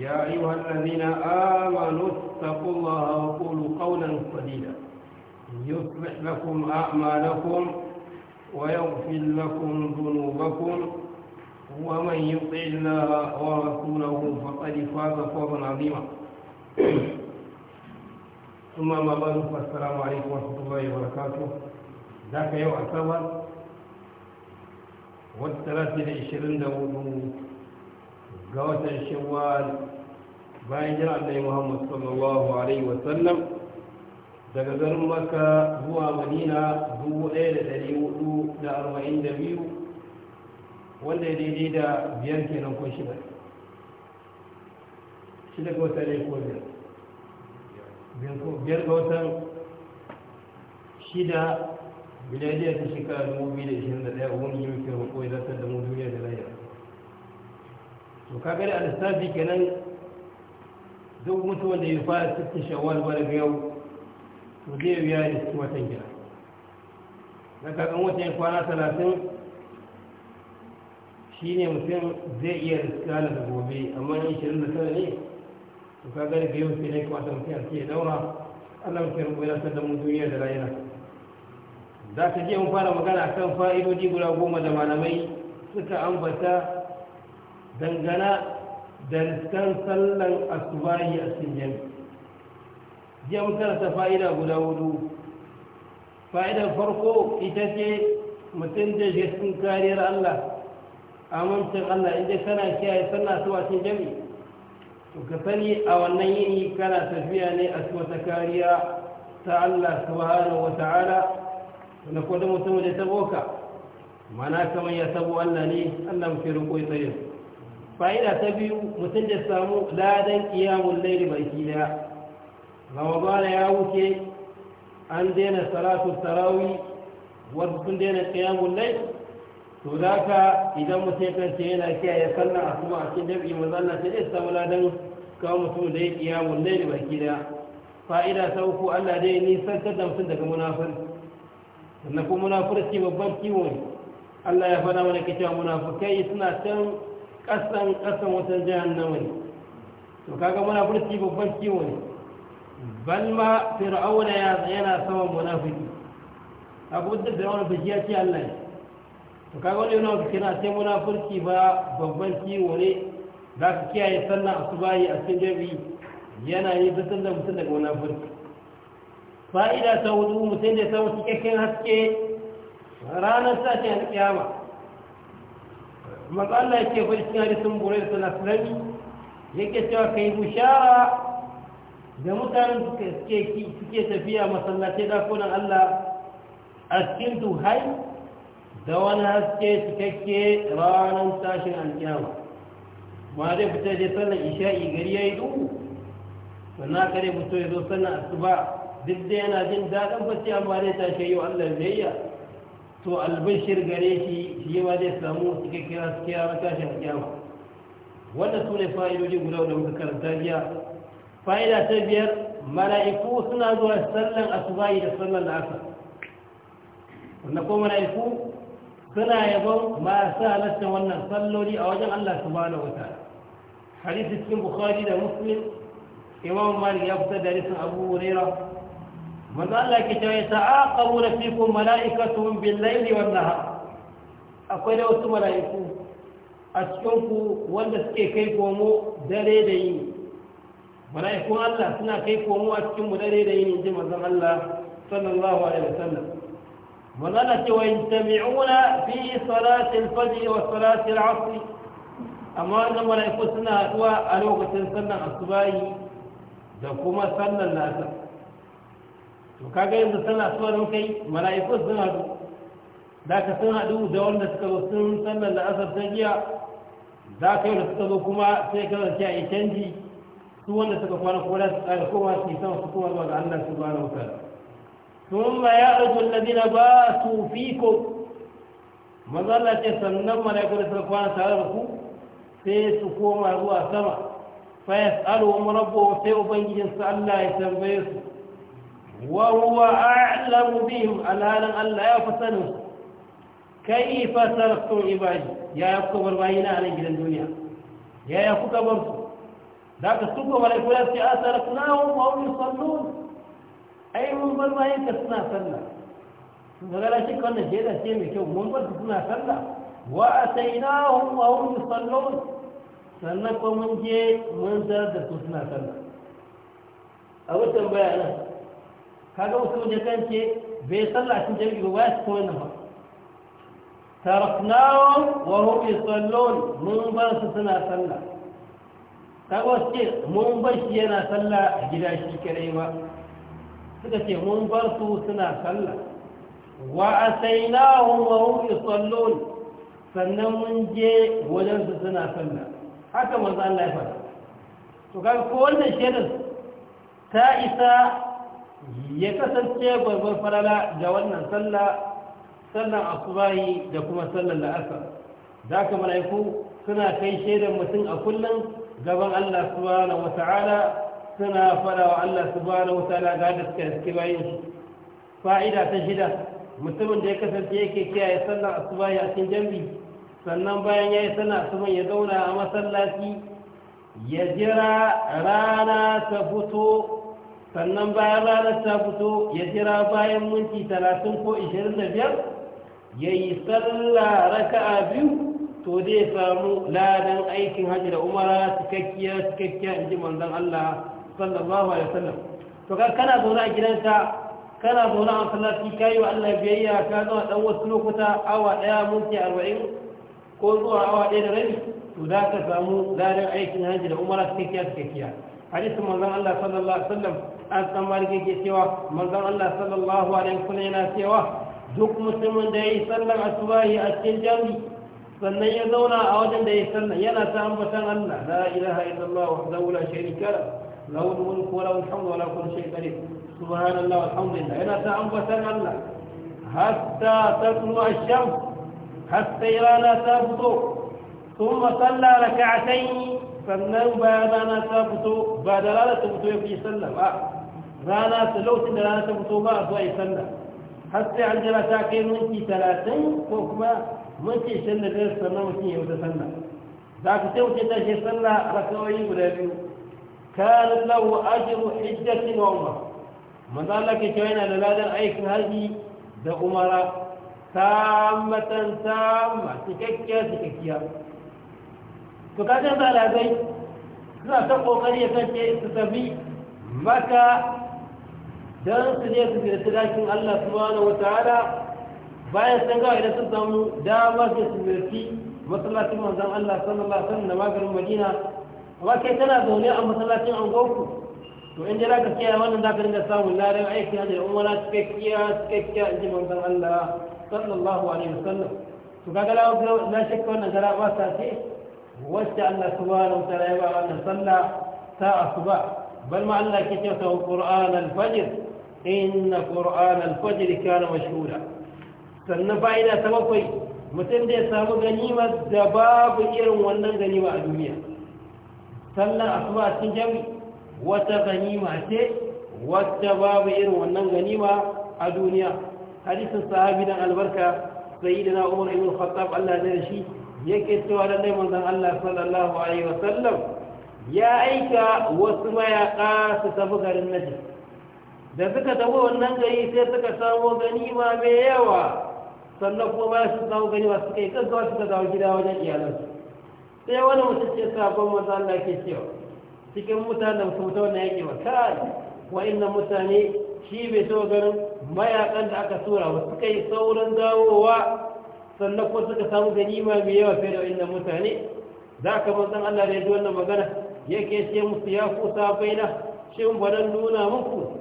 يا أيها الذين آمنوا اتقوا الله وقولوا قولا سديدا يصلح لكم أعمالكم ويغفر لكم ذنوبكم ومن يطع الله ورسوله فقد فاز فوزا عظيما ثم ما بعد فالسلام عليكم ورحمة الله وبركاته ذاك يوم السبت والثلاثة لعشرين دولة ga watan shawwal bayan jira annabi Muhammad sallallahu alaihi wa sallam daga garin Makka zuwa Madina 1442 wanda ya daidai da biyar kenan ko shida shida ga wata ne ko biyar biyar ga watan shida bilayya ta shekara 2021 wani jirgin rukun ya zartar da mu duniya da lahira to kaga da alisabi kenan duk mutuwan da ya fara cikin shawar ba ga yau to zai ya yi cikin watan gida na kakan watan kwana talatin shi ne mutum zai iya riska da gobe amma yin shirin da tara ne to kaga daga yau sai ne kwata mutum yarki ya daura allah mutum rubu ya sadda mu duniya da rayuwa za ka je mun fara magana kan fa'idodi guda goma da malamai suka ambata dangana da riskan sallan asubahi a cikin jami jiya mun ta fa'ida guda hudu fa'idar farko ita ce mutum da shi kariyar allah amincin allah inda kana kiyaye sallah su a cikin jami ka sani a wannan yini kana tafiya ne a wata kariya ta allah subhanahu wa ta'ala na kwadon mutum da ta boka mana kamar ya sabo allah ne allah mafi riko ya tsaye fa'ida ta biyu mutum da samu ladan kiyamun laili baki daya ramadana ya wuce an daina salatu tarawi wadda sun daina kiyamun laili to za ka idan mutum kanta yana kiyaye ya sannan a cikin dab'i mazalla ta ne samu ladan kawo mutum da ya kiyamun laili baki daya fa'ida ta uku allah dai nisan da mutum daga munafurci sannan kuma munafurci babban kiwon allah ya faɗa mana kicewa munafukai suna can kasan ƙasan wata jahannama ne to kaga munafurci babban kiwo ne bal ma fir'auna yana sama munafiki abu da fir'auna ta ya ce Allah ne to kaga wani yana kira sai munafurci ba babban kiwo ne za ka kiyaye sallah asubahi a cikin jami'i yana yi ta sallar mutum daga munafurci fa'ida ta hudu mutum da ta wuce cikakken haske ranar sashen alƙiyama maza Allah yake bai cikin hadisin burai da nasulani yake cewa ka yi bushara da mutanen suke tafiya masallatai dakunan Allah a cikin duhai da wani haske cikakke ranar tashin alkiyama ma zai fita je sallar isha'i gari ya yi duhu sannan kare mutu ya zo sannan asuba duk da yana jin daɗin bacci amma zai tashi yau Allah biyayya to albashir gare shi shi ma zai samu suke kira suke yara tashi a kyawa wanda su ne fa'idoji guda da muka karanta jiya fa'ida ta biyar mala'iku suna zuwa sallan asubahi da sallan da aka wanda ko mala'iku suna yabon masu halatta wannan salloli a wajen allah subhanahu wa wata. hadisi cikin bukhari da muslim imam malik ya fitar da risin abu hurairah manzo Allah ke cewa ta'aqabuna fikum mala'ikatun bil layli wan nahar akwai da wasu mala'iku a cikin ku wanda suke kai komo dare da yini mala'ikun Allah suna kai komo a cikin mu dare da yini ji manzo Allah sallallahu alaihi wasallam manzo Allah ce wa yajtami'una fi salati al-fajr wa salati al-'asr amma wannan mala'iku suna haɗuwa a lokacin sallar asubahi da kuma sallar lasar to kaga yanzu suna tsoron kai mala'iku sun haɗu Da ka sun haɗu da wanda suka zo sun sallar da asar ta giya za ka yi da suka zo kuma sai ka zance a yi canji su wanda suka kwana ko da su tsara kowa su yi sama su kowa zuwa ga Allah su bana wuta sun ma ya arzu ladina ba su fi ko maza Allah ce sannan mala'iku da suka kwana tare da ku sai su koma zuwa sama fa yas'alu wa sai ubangijin ubangijinsu Allah ya tambaye su wawuwa alamu bihim alhalin allah ya fi sanin kai fasar sun ibaji ya yi kuka bar na halin gidan duniya ya yi kuka bar za ka suka bar kula ce a tsara suna wani ma'ulin sallu ai mun bar bayi suna salla su zaga shi kan da ke da ce kyau mun bar suna salla wa sai na wani ma'ulin sallu sannan kuma mun je mun zar da su suna salla a wutan bayanan kaga mutum kan kance bai sallah cikin jami'i ba ya koyi na ba taraknawo wa hum yusallun mun ba su suna sallah kaga wasu ce mun bar shi yana sallah a gida shi kare ba suka ce mun ba su suna sallah wa asainahum wa hum yusallun sannan mun je wajen su suna sallah haka manzo Allah ya to kaga ko wannan shaidar ta isa ya kasance babban farala ga wannan sallah sallan asubahi da kuma sallan la'asar za ka malaiku suna kai shaidan mutum a kullum gaban Allah subhanahu wata'ala suna fara wa Allah subhanahu wata'ala ga da suka yaske bayan shi fa'ida ta shida mutumin da ya kasance yake kiyaye sallan asubahi a cikin jambi sannan bayan ya yi sallan asuban ya zauna a masallaci ya jira rana ta fito sannan bayan ranar ta fito ya jira bayan minti talatin ko ishirin da biyar ya yi sallah a biyu to zai samu ladan aikin hajji da umara cikakkiya cikakkiya in ji manzan Allah sallallahu alaihi wasallam to ka kana zaune a gidansa kana zaune a masallaci kayi wa Allah biyayya ka zama dan wasu lokuta awa daya minti arba'in ko zuwa awa daya da rabi to za ka samu ladan aikin hajji da umara cikakkiya cikakkiya hadisin manzon Allah sallallahu alaihi wasallam an san marke ke cewa manzon Allah sallallahu alaihi wasallam yana cewa duk mutumin da yayi sallar asubahi a cikin jami sannan ya zauna a wajen da yayi sallar yana ta ambatan Allah la ilaha illallah wahdahu la sharika la lahu al-mulku wa lahu al-hamdu wa la kulli shay'in qadir subhanallah walhamdulillah yana ta ambatan Allah hatta tatlu ash-shams hatta rana ta fito ثم صلى ركعتين sannan baya rana ta fito ba da rana ta fito ya fi sallah ba rana ta lokacin da rana ta fito ba a zuwa yi sallah har sai an jira ta kai minti talatin ko kuma minti shanda da sannan mutum ya wuce sallah za ka sai wuce tashi sallah rakawai guda biyu kan lahu ajiru hijjatin wa umar manzo Allah ke cewa yana da ladan aikin haji da umara tammatan tamma cikakkiya cikakkiya to ka ga zalazai suna ta kokari ya kace su tafi maka don su je su su dakin Allah subhanahu wataala bayan sun gawa idan sun samu dama da su ziyarci masallacin manzon Allah sallallahu alaihi wasallam da magarin Madina amma kai tana zaune a masallacin angonku to in za ka kiyaye wannan za ka dinga samun ladan aiki na umara cikakkiya cikakkiya in inji manzon Allah sallallahu alaihi wasallam to kaga na shakka wannan gara ba sa ce wacce Allah subhanahu wa ta'ala ya ba wannan sallah ta asuba bal ma Allah ke cewa Qur'an al-fajr inna Qur'an al-fajr kana mashhura sannan fa'ida ta bakwai mutum da ya samu ganima da babu irin wannan ganima a duniya sallar asuba a cikin jami wata ganima ce wata babu irin wannan ganima a duniya hadisin sahabi dan albarka sayyidina Umar ibn Khattab Allah ya shi yake cewa da dai manzon Allah sallallahu alaihi wa sallam ya aika wasu mayaka su tafi garin Najd da suka tafi wannan gari sai suka samu ma mai yawa sannan kuma bayan su samu ganima suka yi kankawa suka dawo gida wajen iyalansu sai wani mutum ce sabon manzon Allah ke cewa cikin mutanen su mutum wannan yake wa kai inna mutane shi bai taɓa garin mayakan da aka tura ba suka yi saurin dawowa sannan ko suka samu ganima mai yawa fiye da wannan mutane za ka manzan Allah da ya ji wannan magana yake ce musu ya kusa sabai na shin ba don nuna muku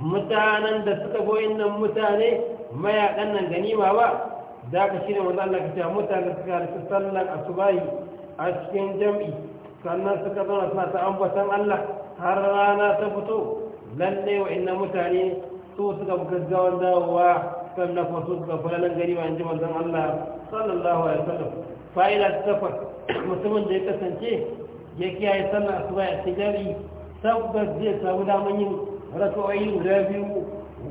mutanen da suka goyi nan mutane mayaƙan nan ganima ba za ka shi ne wanda Allah ka ce mutane suka harfi sallan asubahi a cikin jam'i sannan suka zama suna ta ambatan Allah har rana ta fito lallai wa inna mutane su suka gaggawan dawowa sannan fa su ga falalan ganima in ji manzon Allah sallallahu alaihi wasallam fa'ila safar mutumin da ya kasance ya kiyaye sallar asuba ya tijari tabbas zai samu daman yin raka'o'i guda biyu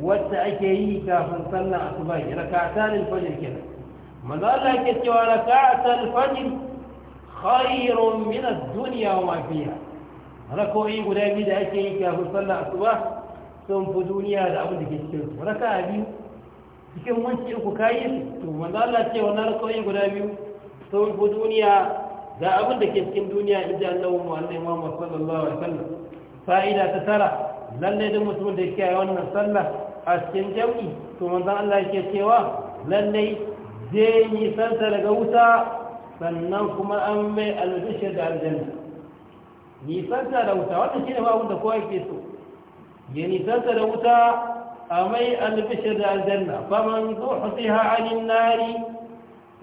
wacce ake yi kafin sallar asuba ya raka'atan al-fajr kenan manzo Allah yake cewa raka'atan al-fajr khairun min ad-dunya wa ma fiha raka'o'i guda biyu da ake yi kafin sallar asuba sun fi duniya da abin da ke cikin raka'a biyu cikin wanci uku kayi su to manzo Allah ce wannan rakoyi guda biyu to ko duniya da abin da ke cikin duniya in ji Allah mu Allah Muhammad sallallahu alaihi wasallam fa'ida ta tara lalle da mutum da yake wannan sallah a cikin jami to manzo Allah yake cewa lalle zai yi santa daga wuta sannan kuma an mai albishir da aljanna nisanta da wuta wannan shine ba abin da kowa yake so ya nisanta da wuta أمي البشر الجنة فمن زحزح عن النار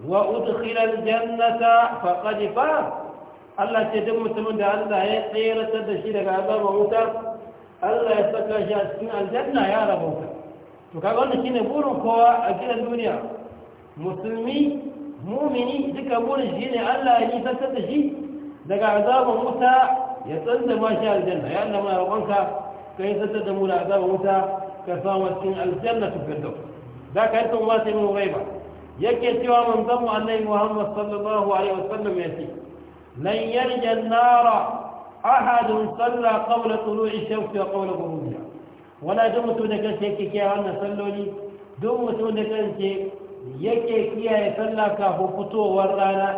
وأدخل الجنة فقد فاز Allah ce duk mutumin da Allah ya tsayar da shi daga azabar wuta Allah ya saka shi a cikin aljanna ya raba wuta to kaga shine burin kowa a gidan duniya musulmi mumini duka burin shine Allah ya nisantar da shi daga azabar wuta ya tsanda shi aljanna ya Allah ka yi da mu wuta ka samu cikin aljanna ta firdaus da ka yi tsoba sai mun rai ba yake cewa manzon mu annabi muhammad sallallahu alaihi wasallam ya ce lan yarja nara ahadun salla qabla tulu'i shamsi wa qabla ghurubiha wala duk mutum da kansa yake kiyaye wannan salloli duk mutum da kansa yake kiyaye sallah kafin fitowar rana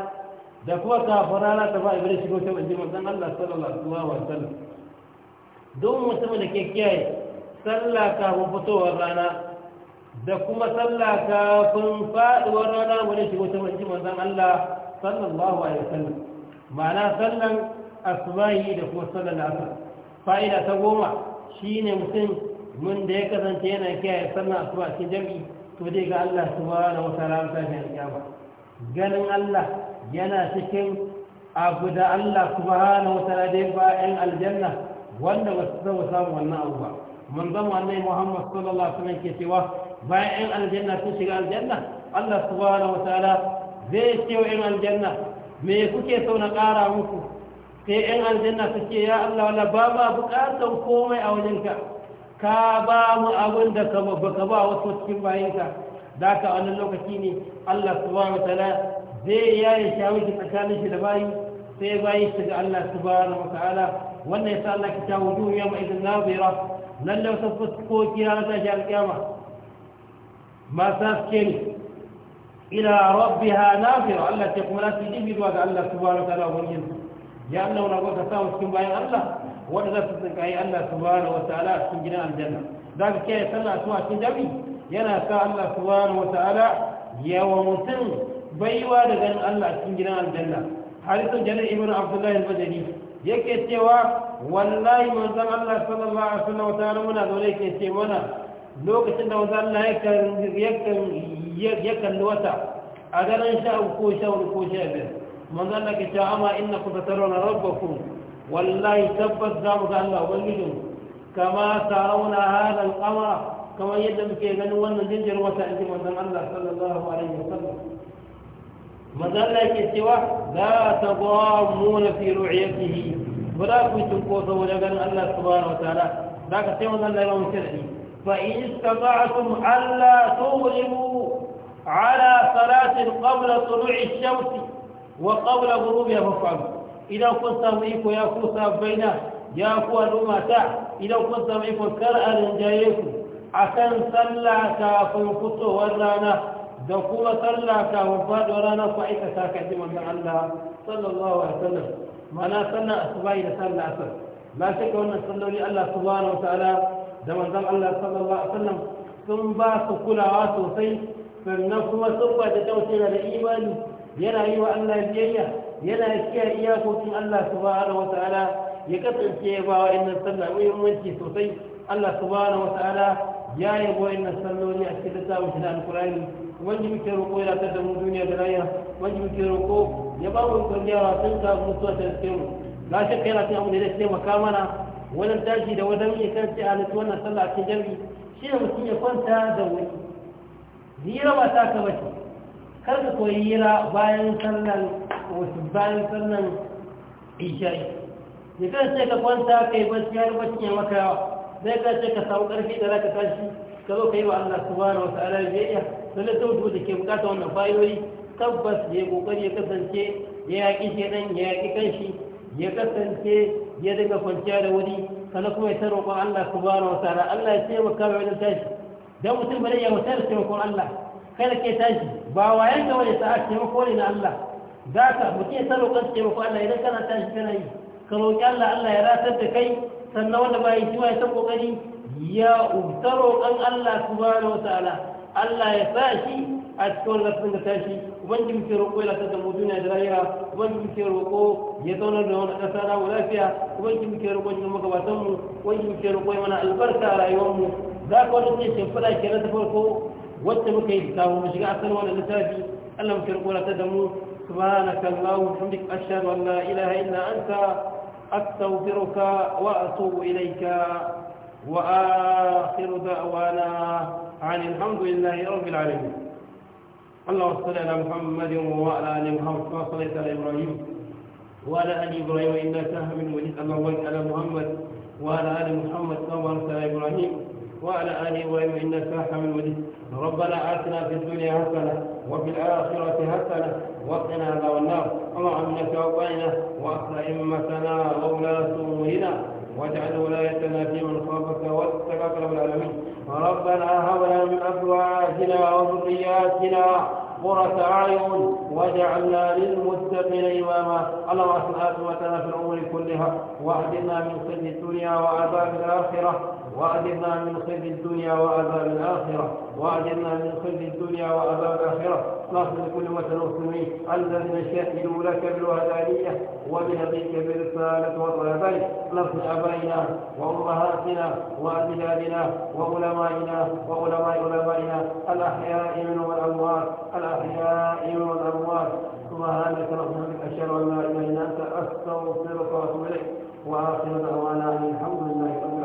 da kuma kafin rana ta ba ibada shigo ta wajen Allah sallallahu alaihi wasallam duk mutum da ke kiyaye sallah kafin fitowar rana da kuma sallah kafin faɗuwar rana wani shi wata manci manzan Allah sallallahu alaihi wasallam ma'ana sallan asbahi da kuma sallan asar fa'ida ta goma shine mutum mun da ya kasance yana kiyaye sallan asbahi cikin jami'i to dai ga Allah subhanahu wa ta'ala ta fi alƙiyama ganin Allah yana cikin abu da Allah subhanahu wa ta'ala dai ba 'yan aljanna wanda ba su samu wannan abu ba manzon wannan Muhammad sallallahu alaihi wasallam ke cewa bayan 'yan aljanna sun shiga aljanna Allah subhanahu wataala zai ce wa 'yan aljanna me kuke so na ƙara muku sai 'yan aljanna su ce ya Allah wala ba ma buƙatar komai a wajenka ka ba mu abin da ka ba wasu cikin bayanka da ka wannan lokaci ne Allah subhanahu wataala zai yaye shawiki tsakanin shi da bayi sai bayi shiga Allah subhanahu wataala wannan ya sa Allah ya ta wujuhu yawma idhin nazira lallai wasu fuskoki na tashi alƙyama masu haske ne ila rabbi ha nafiya Allah ta kuma nasu jibi zuwa ga Allah su baro tana wangin ya Allah wani abuwa ka samu cikin bayan Allah wanda za su tsinkayi Allah su baro wa ta'ala a cikin gidan aljanna za ka kiyaye sallah su a cikin jami yana sa Allah su baro wa ala yawa mutum baiwa da ganin Allah a cikin gidan aljanna harisun janar ibn abdullahi al-bajani yake cewa wallahi manzon Allah sallallahu alaihi wasallam wata muna dole ke ce mana lokacin da manzon Allah yakan kalli wata a garin sha ko sha ko sha biyar manzon ke ce amma innakum tataruna rabbakum wallahi tabbas za mu ga Allah ubangijin kama tarawna hada al-qamara kama yadda muke ganin wannan jinjin wata inji manzon Allah sallallahu alaihi wasallam manzon Allah ke cewa la tadamuna fi ru'yatihi Baza za ku yi cinkoso wajen Allah su bara wata za ka taimaka Allah ya mamuke da ba in iska za a Allah su rimu ala salatin ƙabla tsoro ishiyauti wa ƙabla guru ya faɗu idan kun samu iko ya ku sabaina ya ku al'umma idan kun samu iko kar a rinjaye a kan sallah kafin fitowar rana da kuma sallah kafin faɗuwar rana ku aikata ka ji wannan Allah sallallahu wa sallam Mana sallar asubahi da sallar asar la shakka wannan salloli Allah subhanahu wa ta'ala da manzon Allah sallallahu alaihi wasallam sun ba su kulawa sosai sannan kuma sun ba da tausayi da imani yana yi wa Allah biyayya yana kiyaye iyakokin Allah subhanahu wa ta'ala ya kasance ya ba wa innan sallah muhimmanci sosai Allah subhanahu wa ta'ala ya yi yabo innan salloli a cikin littafin shi da alkurani wanda muke roƙo ya ta da mu duniya da rayuwa wani jirgin ko ya ba wani kwanciyar wasan ka mutuwa ta rike mu na shi kai lafiya mu ne da shi maka mana wani da wani mai kan ce a nutsuwa na sallah a cikin jami shi ne mutum ya kwanta da wani hira ba ta ka bace kar ka koyi hira bayan sallan wasu bayan sallan ishayi ce ka kwanta ka yi bacci har bacci ya maka yawa zai kan ce ka samu karfi da za ka tashi ka zo ka yi wa allah subhanahu wa ta'ala ya yi ya sannan ta wuce da ke bukata wannan fayoyi tabbas ya kokari ya kasance ya yaƙi shedan ya yaƙi kanshi ya kasance ya daga kwanciya da wuri kada kuma ya roƙon Allah subhanahu wa ta'ala Allah ya taimaka mai wajen tashi don mutum bare ya mutar taimakon Allah kai da ke tashi ba wa ga wani sa'a taimako ne na Allah za zaka mutum ya roƙon taimako Allah idan kana tashi kana yi ka roƙi Allah Allah ya ratar da kai sannan wanda ba ya yi shi ya san kokari ya roƙon Allah subhanahu wa ta'ala الله يفاشي أتكون لفن تاشي ومن جم تروقوا لا تدموا دون ومن جم تروقوا يتونا لهم أسارا ولا فيها ومن جم تروقوا جم مكوا تمو ومن جم تروقوا من البركة على يومه ذاك ولا تيجي فلا يكنا تفرقوا وتمو كي تساو مش قاعد تنوان التاشي الله لا تدموا سبحانك الله وحمدك أشهد أن لا إله إلا أنت أستغفرك وأتوب إليك وآخر دعوانا عن الحمد لله رب العالمين اللهم صل على محمد وعلى ال محمد كما صليت على ابراهيم وعلى ال ابراهيم انك من مجيد اللهم بارك على محمد وعلى ال محمد كما صليت على ابراهيم وعلى ال ابراهيم انك من مجيد ربنا اتنا في الدنيا حسنه وفي الاخره حسنه وقنا عذاب النار اللهم انك وقنا واصلح امتنا وولاة امورنا واجعل ولايتنا في من خافك واتقاك رب العالمين ربنا هب لنا من ازواجنا وذرياتنا قرة اعين وجعلنا للمتقين إماما اللهم أحسن عاقبتنا في الأمور كلها وأهدنا من خزي الدنيا وعذاب الآخرة وأجرنا من خزي الدنيا وعذاب الآخرة وأجرنا من خزي الدنيا وعذاب الآخرة ناصر لكل وطن المسلمين الذين شهدوا لك بالوهدانية وبهديك برسالة وطلبين نصر أبائنا وأمهاتنا وأجدادنا وعلمائنا وعلماء علمائنا الأحياء منهم والأموات الأحياء منهم الأموات سبحانك اللهم وبحمدك أشهد أن لا إله إلا أنت أستغفرك وأتوب إليك وآخر دعوانا الحمد لله رب